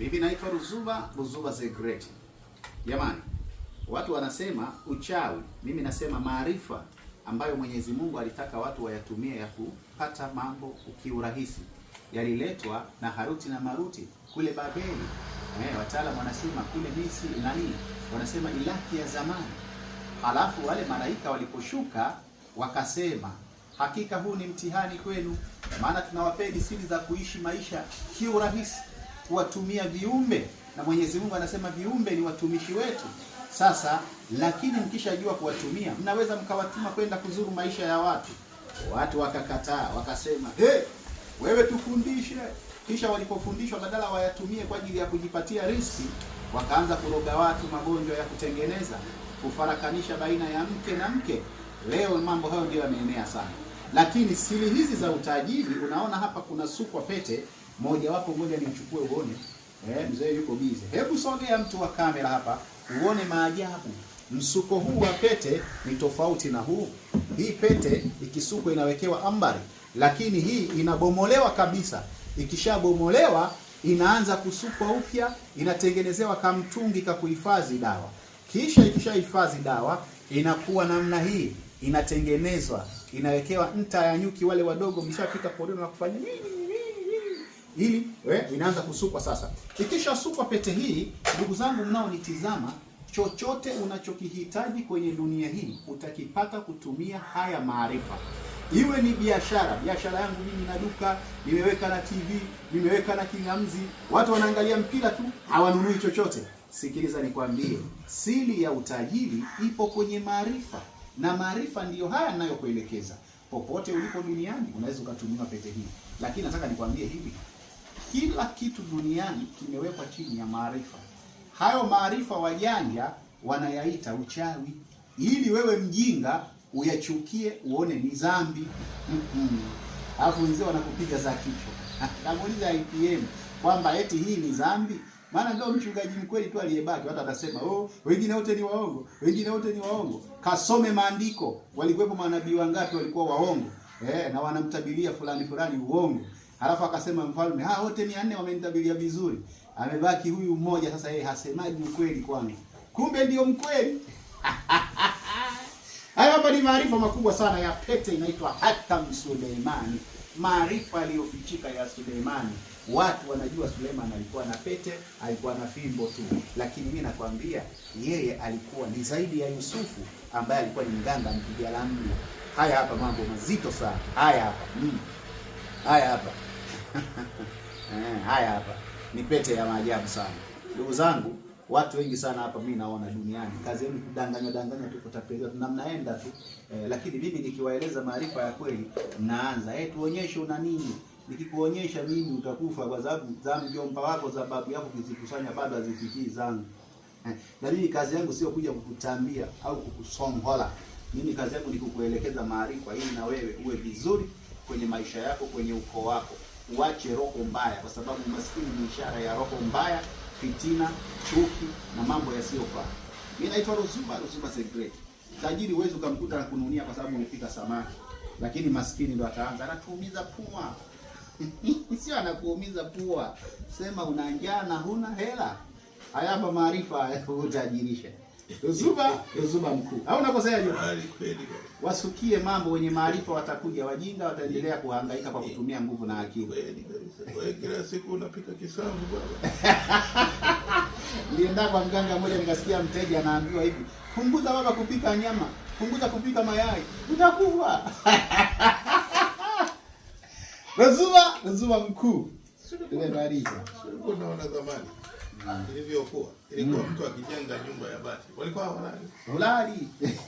Mimi naitwa Ruzuba, Ruzuba the Great. Jamani, watu wanasema uchawi, mimi nasema maarifa ambayo Mwenyezi Mungu alitaka watu wayatumie ya kupata mambo kiurahisi, yaliletwa na Haruti na Maruti kule Babeli. Eh, wataalamu wanasema kule Misri nani, wanasema ilaki ya zamani. Halafu wale malaika waliposhuka wakasema hakika huu ni mtihani kwenu, maana tunawapeni siri za kuishi maisha kiurahisi kuwatumia viumbe, na Mwenyezi Mungu anasema viumbe ni watumishi wetu. Sasa lakini mkishajua kuwatumia, mnaweza mkawatuma kwenda kuzuru maisha ya watu, watu wakakataa, wakasema hey, wewe tufundishe. Kisha walipofundishwa badala wayatumie kwa ajili ya kujipatia riski, wakaanza kuroga watu magonjwa ya kutengeneza, kufarakanisha baina ya mke na mke. Leo mambo hayo ndio yameenea sana, lakini siri hizi za utajiri, unaona hapa kuna sukwa pete moja wapo, ngoja nimchukue uone. Eh, mzee yuko bize. Hebu sogea mtu wa kamera hapa uone maajabu. Msuko huu wa pete ni tofauti na huu. Hii pete ikisukwa inawekewa ambari, lakini hii inabomolewa kabisa. Ikishabomolewa inaanza kusukwa upya, inatengenezewa kamtungi ka kuhifadhi dawa. Kisha ikishahifadhi dawa inakuwa namna hii, inatengenezwa, inawekewa nta ya nyuki wale wadogo, mshafika kodoni na kufanya nini hili we, inaanza kusukwa sasa. Ikishasukwa pete hii, ndugu zangu mnaonitizama, chochote unachokihitaji kwenye dunia hii utakipata kutumia haya maarifa. Iwe ni biashara, biashara yangu mimi na duka nimeweka na TV nimeweka na kingamzi, watu wanaangalia mpira tu, hawanunui chochote. Sikiliza nikwambie, siri ya utajiri ipo kwenye maarifa, na maarifa ndiyo haya ninayokuelekeza. Popote ulipo duniani unaweza ukatumiwa pete hii, lakini nataka nikwambie hivi kila kitu duniani kimewekwa chini ya maarifa. Hayo maarifa wajanja wanayaita uchawi, ili wewe mjinga uyachukie uone ni dhambi. Alafu wenzao wanakupiga za kichwa, namuuliza IPM kwamba eti hii ni dhambi. Maana ndio mchungaji mkweli tu aliyebaki, watu watasema oh, wengine wote ni waongo, wengine wote ni waongo. Kasome maandiko, walikuwepo manabii wangapi walikuwa waongo eh, na wanamtabiria fulani fulani uongo. Halafu akasema mfalme, ha ah, wote mia nne wamenitabilia vizuri, amebaki huyu mmoja sasa, yeye hasemaji ukweli kwangu, kumbe ndio mkweli. Hayo hapa ni maarifa makubwa sana ya pete inaitwa Hatam Suleimani, maarifa aliyofichika ya Suleimani. Watu wanajua Suleiman alikuwa na pete, alikuwa na fimbo tu, lakini mimi nakwambia yeye alikuwa ni zaidi ya Yusufu ambaye alikuwa ni mganga mpiga ramli. Haya hapa mambo mazito sana. Haya hapa mm. Haya hapa. Eh, haya hapa ni pete ya maajabu sana ndugu zangu. Watu wengi sana hapa mimi naona duniani kazi yenu kudanganya danganya tu, kutapeliwa na mnaenda tu eh, lakini mimi nikiwaeleza maarifa ya kweli naanza eh, tuonyeshe una nini. Nikikuonyesha mimi utakufa, kwa sababu za mjomba wako za babu yako kizikusanya bado hazifikii zangu. Eh, mimi kazi yangu sio kuja kukutambia au kukusongola. Mimi kazi yangu ni kukuelekeza maarifa ili na wewe uwe vizuri kwenye maisha yako, kwenye ukoo wako uache roho mbaya, kwa sababu umaskini ni ishara ya roho mbaya, fitina, chuki na mambo yasiyofaa. Mimi naitwa Ruzuba, Ruzuba Secret. Tajiri huwezi ukamkuta na kununia kwa sababu umepika samaki, lakini maskini ndo ataanza anatuumiza pua sio anakuumiza pua, sema una njaa na huna hela. Haya hapa maarifa hutajirisha. Ruzuba, ruzuba mkuu. Au unakosea hiyo? Hali kweli. Wasukie mambo wenye maarifa watakuja, wajinga wataendelea kuhangaika kwa kutumia nguvu na akili. Kweli kabisa. Wewe kila siku unapika kisamvu bwana. Nienda kwa mganga mmoja nikasikia mteja anaambiwa hivi, punguza baba kupika nyama, punguza kupika mayai, utakufa. Ruzuba, ruzuba mkuu. Ile unaona zamani. Mm. ilivyokuwa ilikuwa mtu akijenga nyumba ya bati walikuwa hawalali.